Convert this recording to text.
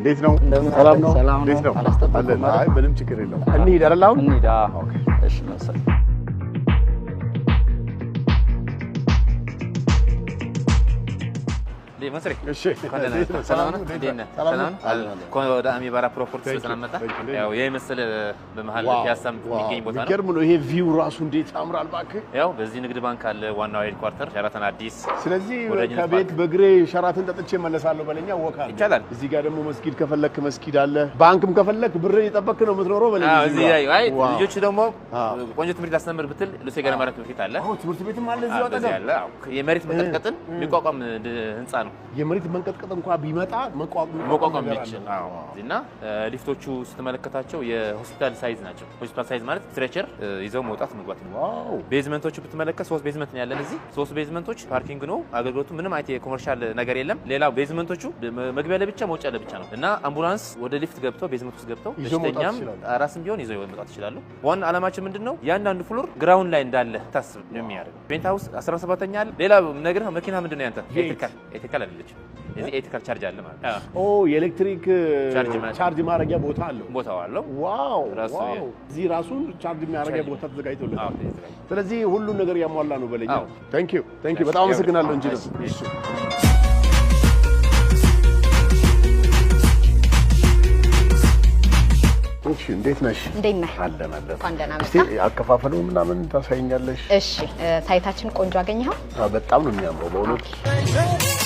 እንዴት ነው? ሰላም ነው? ምንም ችግር የለውም። እንሂድ አይደል? አሁን እንሂድ። እሺ መሰለኝ እንዴት መስሪ? እሺ፣ ሰላም ነው። እንዴት ነህ? ሰላም ነው። ወደ አሚባራ ፕሮፖርት ሰላም ያው ይሄ መሰለ በመሃል ፒያሳ የሚገኝ ቦታ ነው። የሚገርም ነው ይሄ ቪው ራሱ እንዴት ያምራል እባክህ። ያው በዚህ ንግድ ባንክ አለ ዋናው ሄድ ኳርተር ሸራተን አዲስ። ስለዚህ ከቤት በእግሬ ሸራተን ጠጥቼ እመለሳለሁ በለኛ። ወካ ይቻላል። እዚህ ጋር ደግሞ መስጊድ ከፈለክ መስጊድ አለ። ባንክም ከፈለክ ብርን የጠበክ ነው የምትኖረው በለኛ። እዚህ አይ ልጆቹ ደግሞ ቆንጆ ትምህርት ላስተምር ብትል ልብሴ ገና ማለት ትምህርት ቤትም አለ እዚህ አጠገብ የመሬት መንቀጥቀጥን የሚቋቋም ህንፃ ነው። የመሬት መንቀጥቀጥ እንኳ ቢመጣ መቋቋም የሚችል እና ሊፍቶቹ ስትመለከታቸው የሆስፒታል ሳይዝ ናቸው። ሆስፒታል ሳይዝ ማለት ስትሬቸር ይዘው መውጣት መግባት ነው። ቤዝመንቶቹ ብትመለከት ሶስት ቤዝመንት ነው ያለን እዚህ። ሶስት ቤዝመንቶች ፓርኪንግ ነው አገልግሎቱ። ምንም አይነት የኮመርሻል ነገር የለም። ሌላው ቤዝመንቶቹ መግቢያ ለብቻ መውጫ ለብቻ ነው እና አምቡላንስ ወደ ሊፍት ገብተው ቤዝመንት ውስጥ ገብተው በሽተኛም ራስም ቢሆን ይዘው መውጣት ይችላሉ። ዋና አላማችን ምንድን ነው? ያንዳንዱ ፍሎር ግራውንድ ላይ እንዳለ ታስብ ነው የሚያደርገው። ፔንት 17ኛ አለ። ሌላ ነገር መኪና ምንድን ነው ያንተ ኤቲካል መካከል አይደለችም። እዚህ ኤቲካል ቻርጅ አለ ማለት ኦ የኤሌክትሪክ ቻርጅ ማድረጊያ ቦታ አለው ቦታው አለው። ዋው እዚህ ራሱ ቻርጅ የሚያደርጊያ ቦታ ተዘጋጅቶለታል። ስለዚህ ሁሉም ነገር ያሟላ ነው በለኛ። ታንክ ዩ ታንክ ዩ። በጣም አመሰግናለሁ እንጂ እሺ እንዴት ነሽ? እንዴት ነህ? አለን አለን። እስቲ አከፋፈሉ ምናምን ታሳይኛለሽ? እሺ ሳይታችን ቆንጆ አገኘኸው? በጣም ነው የሚያምረው በእውነት